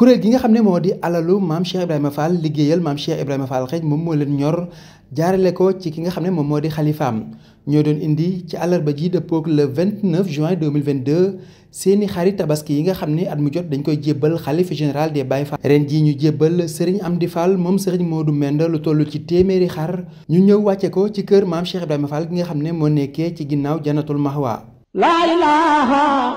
kuréel gi nga xam ne moo di alalu maam Cheikh Ibrahima Fall liggéeyal maam Cheikh Ibrahima Fall xëy moom moo leen ñor jaarale ko ci ki nga xam ne moom moo di xalifaam ñoo doon indi ci àllarba ji dëppoog le juin seeni xari tabaski yi nga xam ne at mu jot dañ koy jébbal xalifa général des Baye Fall. ren jii ñu jébbal am di Fall moom Serigne Modou Menda lu toll ci téeméeri xar ñu ñëw wàcce ko ci kër maam Cheikh Ibrahima Fall gi nga xam ne moo nekkee ci ginnaaw janatul mahwa. la ilaha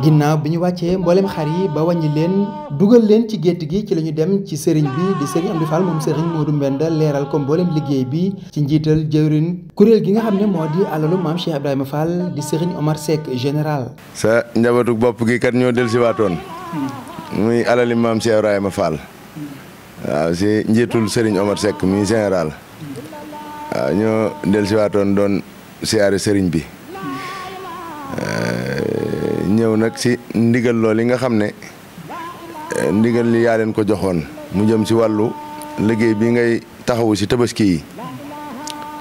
ginnaaw bi ñu wàccee mboolem xar yi ba wàññi leen dugal leen ci gétt gi ci la ñu dem ci sëriñ bi di sëriñ Amdi Fall moom sëriñ Modou Mbenda leeral ko mboolem liggéey bi ci njiital jëwrin kuréel gi nga xam ne moo di alalu maam Cheikh Ibrahima Fall di sëriñ Omar Seck général. sa njabootu bopp gi kat ñoo del si waatoon muy alali maam njiitul sëriñ Omar Seck muy général doon siyaare sëriñ bi. ñëw nag si ndigal lool yi nga xam ne eh, ndigal li yaa leen ko joxoon mu jëm si wàllu liggéey bi ngay taxawu si tabaski yi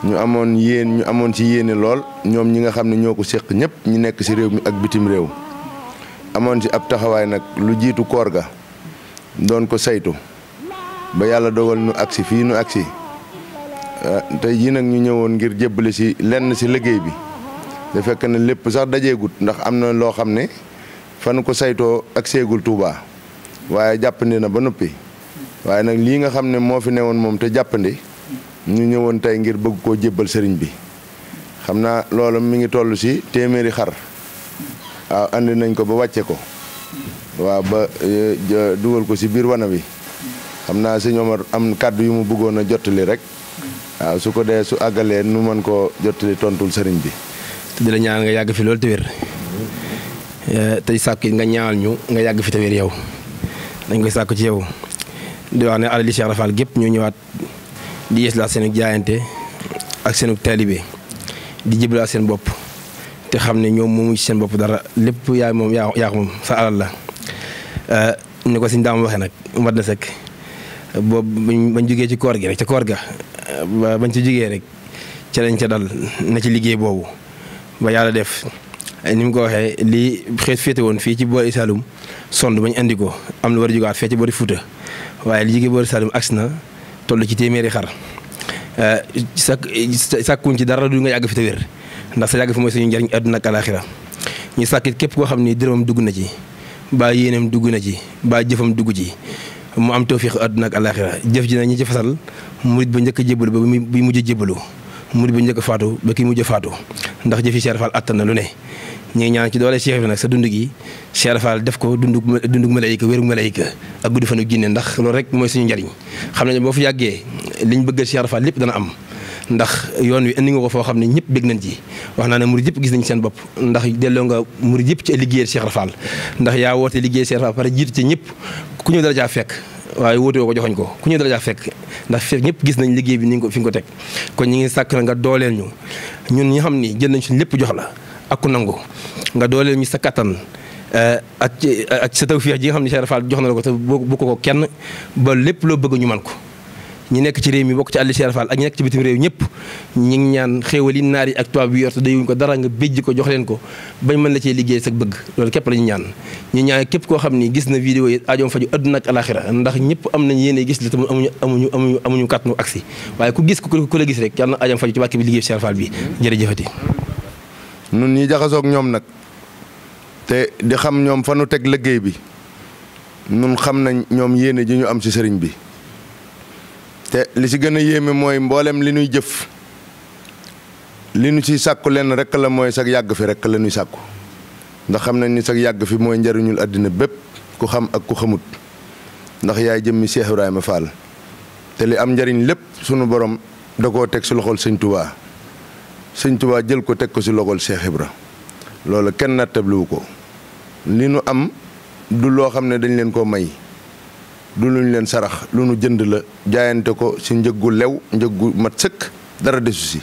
ñu amoon yéen ñu amoon ci yéene lool ñoom ñi nga xam ne ñoo ko séq ñëpp ñi nekk ci réew mi ak bitim réew amoon ci ab taxawaay nag lu jiitu koor ga doon ko saytu ba yàlla dogal nu agsi fii nu agsi eh, tey jii nag ñu ñëwoon ngir jébbale si lenn si liggéey bi da fekk ne lépp sax dajeegut ndax am na loo xam ne fan ko saytoo ak seegul Touba waaye jàppandi na ba noppi waaye nag lii nga xam ne moo fi newoon moom te jàppandi ñu ñëwoon tey ngir bëgg koo jébbal sëriñ bi xam naa loolu mi ngi toll si téeméeri xar waaw ànd nañ ko ba wàcce ko waaw ba e, dugal ko si biir wana bi xam naa si Omar am kàddu yu mu buggoon a jottali rek waaw su ko dee su àggalee nu mën ko jottali tontul sëriñ bi te di la ñaan nga yàgg fi loolu te wér eh, tey sàkk nga ñaanal ñu nga yàgg fi te wér yow dañ koy sàkk ci yow di wax ne alali Cheikh Rafal gépp ñu ñëwaat di yees laa seen jaayante ak seenu taalibe di jëblaat seen bopp te xam ne ñoom moomu ci seen bopp dara lépp yaay moom yaa yaa moom sa alal la eh, ni ko siñ daam waxee nag mat na sëkk boobu bañ jógee ci koor gi rek ca koor ga bañ ci jógee rek ca lañ ca dal na ci liggéey boobu ba yàlla def eh, ni mu ko waxee lii xeet féete woon fii ci boori Saloum sond bañ andi ko am lu war a jugaat fee ci boori Fouta waaye li jógee boori Saloum agsi na toll ci téeméeri xar eh, sa sàkkuñ ci dara du nga yàgg fi te ndax sa yàgg fi mooy suñu njariñ àdduna ak alaaxira ñu sàkkit képp koo xam ni dërëmam dugg na ci baa yéenam dugg na ci ba jëfam dugg ci mu am tawfiix àdduna ak alaaxira jëf ji na ñi ci fasal murit ba njëkk jébbalu ba bi mujj jébbalu murid bu njëkk a faatu ba kii mujj a faatu ndax jëfi Cheikh Fall attan na lu ne ñu ñaan ci doole Cheikh bi nag sa dund gi Cheikh Fall def ko dundug dundug malayka wérug malayka ak guddi fanu jinne ndax loolu rek mooy suñu njariñ xam nañ boo fi yàggee liñ bëgg Cheikh Fall lépp dana am ndax yoon wi indi nga ko foo xam ne ñëpp bég nañ ci wax naa ne murid yëpp gis nañ seen bopp ndax delloo nga murid yëpp ci liggéeyal Cheikh Fall ndax yaa woote liggéey Cheikh Fall pare jiitu ci ñëpp ku ñëw dara caa fekk waaye woote woo ko joxoñ ko ku ñuy dara jaa fekk ndax fekk ñëpp gis nañ liggéey bi ni ko fi nga ko teg kon ñu ngi sàkk na nga dooleel ñu ñun ñi xam ni jël nañ si lépp jox la ak ku nangu nga dooleel ñu sa kattan eh, ak ak sa tawfeex ji nga xam ne Cheikh Fall jox na la ko te ko ko kenn ba lépp loo bëgg ñu man ko ñu nekk ci réew mi bokk ci àll Cheikh Fall ak ñi nekk ci bitim réew ñëpp ñi ngi ñaan xéewal yi naar yi ak tubaab bi yor day dayuñ ko dara nga béjj ko jox leen ko bañ mën la cee liggéey sa bëgg loolu képp la ñu ñaan ñu ñaan képp koo xam ni gis na vidéo yi ajoom faju àdduna ak alaxira ndax ñëpp am nañ yéene gis la te amuñu amuñu amuñu amuñu kàttanu agsi waaye ku gis ku la gis rek yàlla na ajoom faju ci wàkk bi liggéey Cheikh Fall bi jërëjëfati nun ñi jaxasoog ñoom nag te di xam ñoom fa nu teg liggéey bi nun xam nañ ñoom yéene ji ñu am ci sëriñ bi te li ci gën a yéeme mooy mboolem li ñuy jëf li nu ciy sàkku lenn rekk la mooy sag yàgg fi rek la ñuy sàkku ndax xam nañ ni sag yàgg fi mooy njariñul àddina bépp ku xam ak ku xamut ndax yaay jëmmi Cheikh ma Fall te li am njariñ lépp sunu borom da koo teg ci loxol sëñ Touba sëñ Touba jël ko teg ko ci loxol Cheikh Ibra loolu kenn nattablu ko li nu am du loo xam ne dañ leen koo may du lu ñu leen sarax lu nu jënd la jaayante ko ci njëggu lew njëggu mat sëkk dara desu si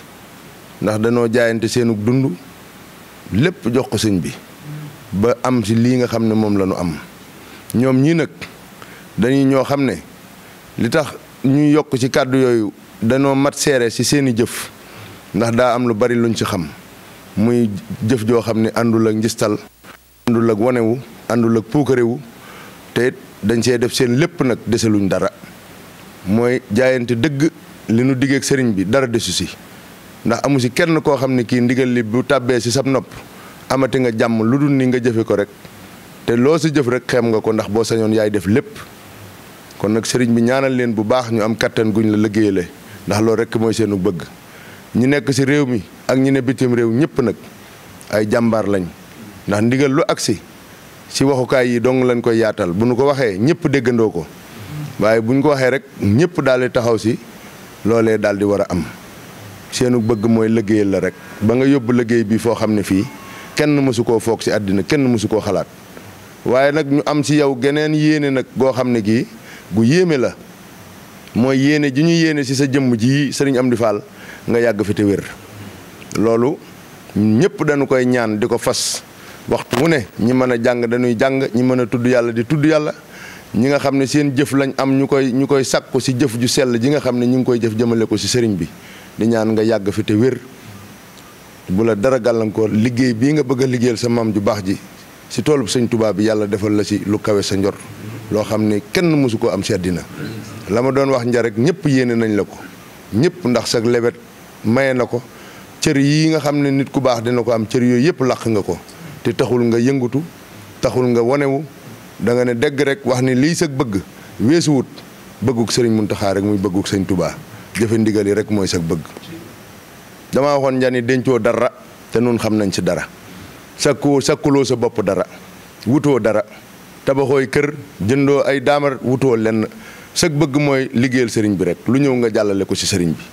ndax danoo jaayante seenug dund lépp jox ko sëñ bi ba am ci lii nga xam ne moom la ñu am ñoom ñii nag dañuy ñoo xam ne li tax ñuy yokk ci kàddu yooyu danoo mat seere si seeni jëf ndax daa am lu bari luñ ci xam muy jëf joo xam ne àndul ak njistal àndul ak wanewu àndul ak puukarewu te dañ see def seen lépp nag desaluñ dara mooy jaayante dëgg li nu diggeek sëriñ bi dara desu si ndax amu si kenn koo xam ne kii ndigal li bu tàbbee si sab nopp amati nga jàmm lu dul ni nga jëfe ko rek te loo si jëf rek xem nga ko ndax boo sañoon yaay def lépp kon nag sëriñ bi ñaanal leen bu baax ñu am kattan guñu la liggéeyale ndax loolu rek mooy seenu bëgg ñi nekk si réew mi ak ñi ne bitim réew ñëpp nag ay jàmbaar lañ ndax ndigal lu agsi ci waxukaay yi dong lañ koy yaatal bu nu ko waxee ñëpp déggandoo ko waaye bu ñu ko waxee rek ñëpp daal di taxaw si loolee daal di war a am seenu bëgg mooy liggéeyal la rek ba nga yóbbu liggéey bi foo xam ne fii kenn mësu koo foog si àddina kenn mësu koo xalaat waaye nag ñu am si yow geneen yéene nag goo xam ne kii gu yéeme la mooy yéene ji ñu yéene si sa jëmm ji sëriñ Amdi Fall nga yàgg fi te wér loolu ñëpp dañu koy ñaan di ko fas waxtu wu ne ñi mën a jàng dañuy jàng ñi mën a tudd yàlla di tudd yàlla ñi nga xam ne seen jëf lañ am ñu koy ñu koy sàkku si jëf ju sell ji nga xam ne ñu ngi koy jëf jëmale ko si sëriñ bi di ñaan nga yàgg fi te wér bu la dara gàllankoor liggéey bii nga bëgg a liggéeyal sa maam ju baax ji si toolu sëñ tubaab bi yàlla defal la si lu kawe sa njor loo xam ne kenn mësu ko am si àddina la ma doon wax njarek ñëpp yéene nañ la ko ñëpp ndax sa lewet maye na ko cër yi nga xam ne nit ku baax dina ko am cër yooyu yëpp làq nga ko te taxul nga yëngutu taxul nga wanewu da nga ne dégg rek wax ni lii sag bëgg weesuwut bëgguk sëriñ Muntaxa rek muy bëgguk sëñ Tubaa jëfe ndigal yi rek mooy sag bëgg damaa waxoon njani dencoo dara te nun xam nañ si dara sakku sakkuloo sa bopp dara wutoo dara tabaxooy kër jëndoo ay daamar wutoo lenn sag bëgg mooy liggéeyal sëriñ bi rek lu ñëw nga jàllale ko si sëriñ bi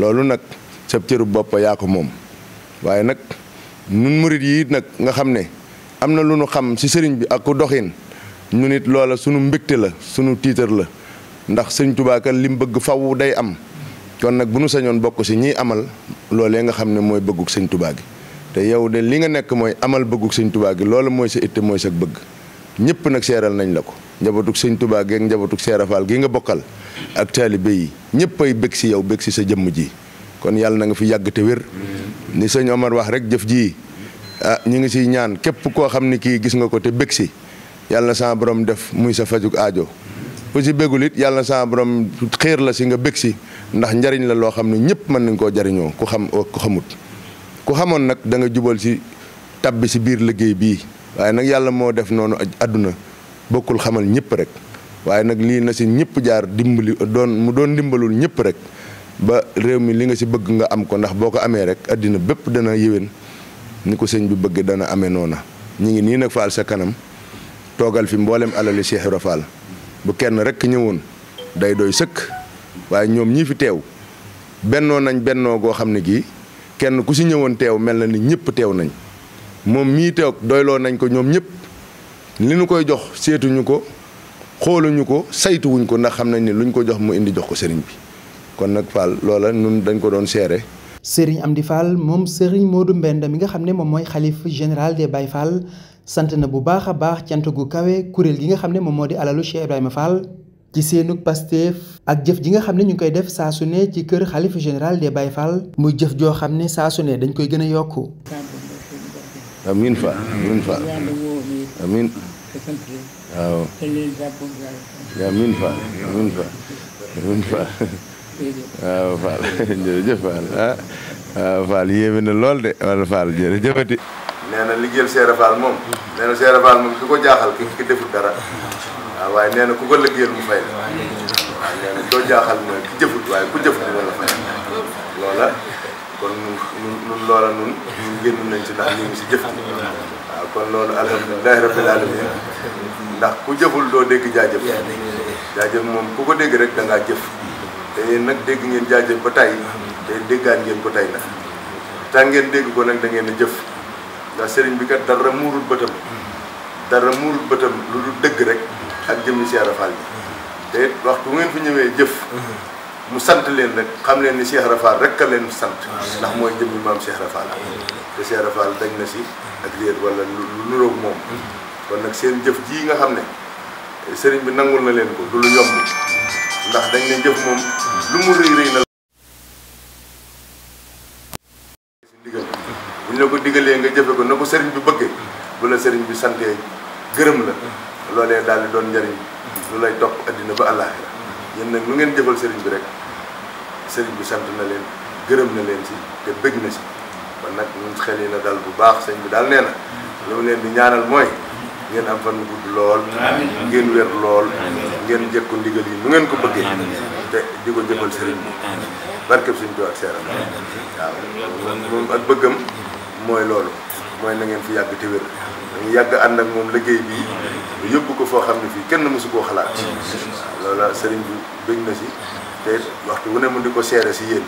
loolu nag sab cëru bopp yaa ko moom waaye nag nun murit yii nag nga xam ne am na lu nu xam ci sëriñ bi ak doxin ñun it loola sunu mbégte la sunu tiitar la ndax sëñ Tuubaa li lim bëgg faw day am kon nag bu nu sañoon bokk si ñiy amal loole nga xam ne mooy bëggug sëñ Tuubaa gi te yow de li nga nekk mooy amal bëggug sëñ Tuubaa gi loola mooy sa itte mooy sa bëgg ñëpp nag seeral nañ la ko njabootug sëñ tubaa geek ak njabootug seerafaal gi nga bokkal ak taalibe yi ñëpp ay bëgg si yow bëgg si sa jëmm ji kon yàlla na nga fi yàgg te wér ni sëñ Omar wax rek jëf ji ah ñu ngi siy ñaan képp koo xam ni kii gis nga ko te bég si yàlla na sa borom def muy sa fajug aajo ku si bégul it yàlla na sa borom xéer la si nga bég si ndax njariñ la loo xam ne ñëpp mën nañ koo jariñoo ku xam ku xamut ku xamoon nag danga jubal si tabbi si biir liggéey bii waaye nag yàlla moo def noonu àdduna bokkul xamal ñëpp rek waaye nag lii na si ñëpp jaar dimbali doon mu doon dimbalul ñëpp rek ba réew mi li nga ci bëgg nga am ko ndax boo ko amee rek àddina bépp dana yéwén ni ko sëñ bu bëgg dana amee noona ñu ngi nii nag faal sa kanam toogal fi mboolem alali Cheikh Ibra bu kenn rek ñëwoon day doy sëkk waaye ñoom ñii fi teew bennoo nañ bennoo goo xam ne gii kenn ku ci ñëwoon teew mel na nit ñëpp teew nañ moom mii teew doyloo nañ ko ñoom ñëpp li nu koy jox seetuñu ko xooluñu ko saytuwuñ ko ndax xam nañ ne luñ ko jox mu indi jox ko sëriñ bi kon nag Fall loola nun dañ ko doon seere am di Fall moom Serigne Modou Mbenda mi nga xam ne moom mooy xalif général des bay Fall sant na bu baax a baax cant gu kawe kuréel gi nga xam ne moom moo di alalu Cheikh ma Fall ci seenug Pastef ak jëf ji nga xam ne ñu ngi koy def saa ne ci kër xalifa général des bay Fall muy jëf joo xam ne saasu ne dañ koy gën a yokku amin fa amin waaw amin fa amin amin fa waaw Fall jërëjëf Fall ah waaw na lool de wala Fall jërëjëfati. nee na liggéeyal Cheikh Fall moom. nee na Cheikh moom su ko jaaxal ki ki deful dara. waaw ah, waaye nee na ku ko liggéeyal mu fay la. waaw doo jaaxal mooy ki jëfut waaye ku jëfut dina la fay loola kon nun nun loola nun ñun génn nañ ci ndax ñu ngi si jëf waaw ah, kon loolu alhamdulilahi rabbil alamin ndax ku jëful doo dégg jaajëf moom ku ko dégg rek da ngaa jëf. te nag dégg ngeen jaajëf ba tey te déggaat ngeen ko tey nag tant ngeen dégg ko nag da ngeen a jëf ndax sëriñ bi kat dara muurul bëtam dara muurul bëtam lu dul dëgg rek ak jëmmi Cheikh Rafal bi te waxtu bu ngeen fi ñëwee jëf mu sant leen rek xam leen ni Cheikh Rafal rek a leen sant ndax mooy jëmmi maam Cheikh Rafal te Cheikh Rafal dañ na si ak réer wala lu nuroog moom kon nag seen jëf jii nga xam ne sëriñ bi nangul na leen ko du lu yomb ndax dañ ne jëf moom lu mu rëy na si ndigal bu la ko digalee nga jëfe na ko sëriñ bi bëggee bu la sëriñ bi santee gërëm la loolee daal di doon njariñ lu lay topp àddina ba àllaaxira yéen nag lu ngeen jëfal sëriñ bi rek sëriñ bi sant na leen gërëm na leen si te bëgg na si kon nag mu xel yi na dal bu baax sëñ bi daal nee na lu mu leen di ñaanal mooy ngeen am fan gudd lool ngeen wér lool ngeen jëkku ndigal yi mu ngeen ko bëggee te di ko jëfal sëriñ bi barkeb suñ doo ak seeram waaw moom ak bëggam mooy loolu mooy na ngeen fi yàgg te wér dañu yàgg ànd ak moom liggéey bii yóbbu ko foo xam ne fii kenn mësu koo xalaat loola sëriñ bi bëgg na si te waxtu wu ne mu di ko seere si yéen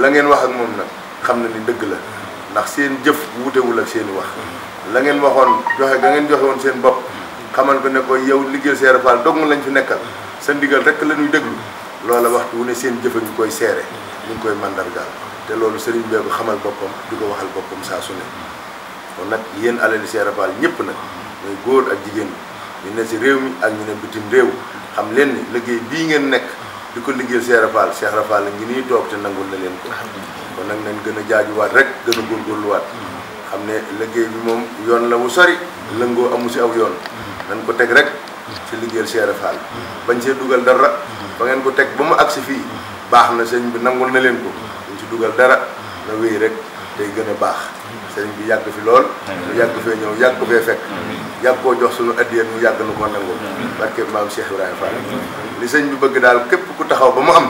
la ngeen wax ak moom nag xam na ni dëgg la ndax seen jëf wuutewul ak seeni wax la ngeen waxoon joxe ga ngeen joxe woon seen bopp xamal ko ne ko yow liggéey seere Fall dogg lañ fi nekkal sa ndigal rek la ñuy déglu loola waxtu wu ne seen jëfa ngi koy seere ñu ngi koy mandargaal te loolu sëriñ bee ko xamal di ko waxal boppam saa su ne kon nag yéen alali seere ñëpp nag góor ak jigéen ñu ne si réew mi ak ñu ne bitim réew xam leen ni bii ngeen nekk di ko liggéey seere Fall seere Fall la ngi nii toog te nangul na leen ko kon nag nañ gën a jaajuwaat rek gën a góorgóorluwaat xam ne liggéey bi moom yoon la wu sori lëngoo amu si aw yoon mm-hmm. nañ ko teg rek ci liggéeyal Cheikh Fall mm-hmm. bañ see dugal dara mm-hmm. ba ngeen ko teg ba mu agsi fii baax na sëñ bi nangul na leen ko duñ ci dugal dara na wéy rek day gën a baax sëriñ bi yàgg fi lool ñu yàgg fee ñëw yàgg fee fekk yàgg koo jox suñu addiyeen mu yàgg nu ko nangul barke maam Cheikh Ibrahima Fall li sëñ bi bëgg daal képp ku taxaw ba mu am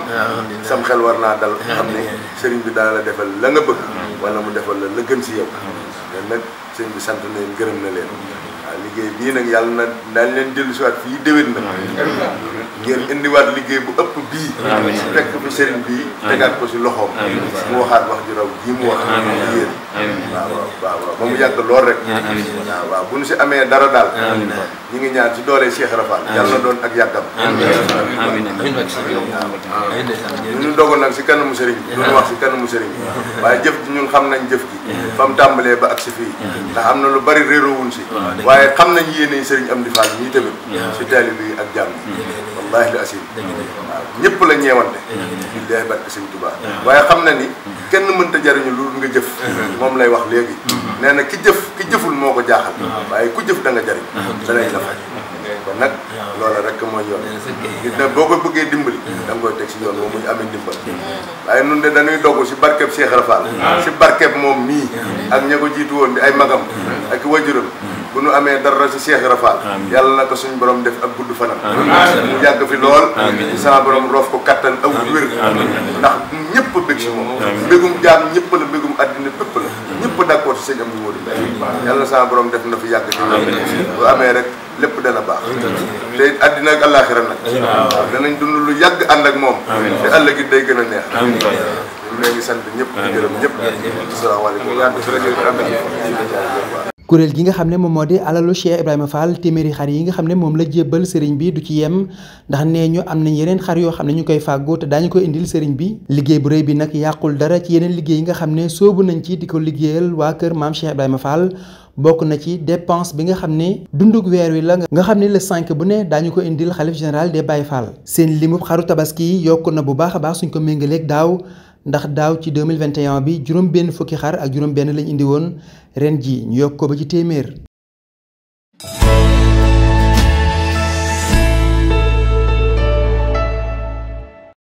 sam xel war naa dal xam ni sëriñ bi daal la defal la nga bëgg wala mu defal la la gën si yow nag sëñ bi sant na leen gërëm na leen liggéey bii nag yàlla na daañu leen dellu si waat fii déwén na. ngeen indiwaat liggéey bu ëpp bii. amiin fekk fi sëriñ bii. tegaat ko si loxoom. mu waxaat wax ju ji mu wax. amiin amiin waaw waaw waaw waaw ba mu yàgg lool rek. bu ñu si amee dara daal. ñu ngi ñaar si doole Cheikh Rafal. yàlla doon ak yàggam. amiin amiin ñu ñu dogoon nag si kan sëriñ bi. duñu wax si kanamu sëriñ bi. waaye jëf ji ñun xam nañ jëf ji. fa tàmbalee ba ak si fii. ndax am na lu bari réeroowuñ si waaye waaye xam nañ yéene sëriñ Amdi Fall ñii tamit si taalibe yi ak jàmm wallaahi la asim waaw ñëpp la ñeewante billaahi barke sëriñ Tuubaa waaye xam na ni mm-hmm. kenn mënta jariñu loolu nga jëf mm-hmm. moom lay wax léegi mm-hmm. nee na ki jëf ki jëful moo ko jaaxal waaye ku jëf da nga jariñ danañ la faj kon nag loola rek mooy yoon nit nag boo ko bëggee dimbali da nga koy teg si yoon boobu ñu amee ndimbal waaye nun de dañuy dogg si barkeb Cheikh Rafal si barkeb moom mii ak ña ko jiitu woon ay magam ak wajuram bu nu amee dara si Cheikh Ibra Fall yàlla na ko suñu borom def ak gudd fanam mu yàgg fi lool sama borom roof ko kattan aw wér ndax ñëpp bëgg si moom mbégum jaan ñëpp la mbégum àddina bépp la ñëpp d'accord si sëñ am wóoru yàlla na borom def na fi yàgg fi bu amee rek lépp dana baax te àddina ak àllaaxira nag waaw danañ dund lu yàgg ànd ak moom te ëllëg it day gën a neex ñu ngi sant ñëpp di gërëm ñëpp asalaamaaleykum kuréel gi nga xam ne moom moo di alalu Cheikh Ibrahima Fall téeméeri xar yi nga xam ne moom la jébbal sëriñ bi du ci yem ndax nee ñu am nañ yeneen xar yoo xam ne ñu koy fàggu te daañu ko indil sëriñ bi liggéey bu rëy bi nag yàqul dara ci yeneen liggéey yi nga xam ne soobu nañ ci di ko liggéeyal waa kër maam Cheikh Ibrahima Fall bokk na ci dépense bi nga xam ne dundug weer wi la nga xam ne la 5 bu ne daañu ko indil xalif général des Baye Fall seen limub xaru tabaski yokk na bu baax a baax suñ ko méngaleeg daaw ndax daaw ci 2021 bi juróom benn fukki xar ak juróom benn lañ indi woon ren ji ñu yokk ba ci téeméer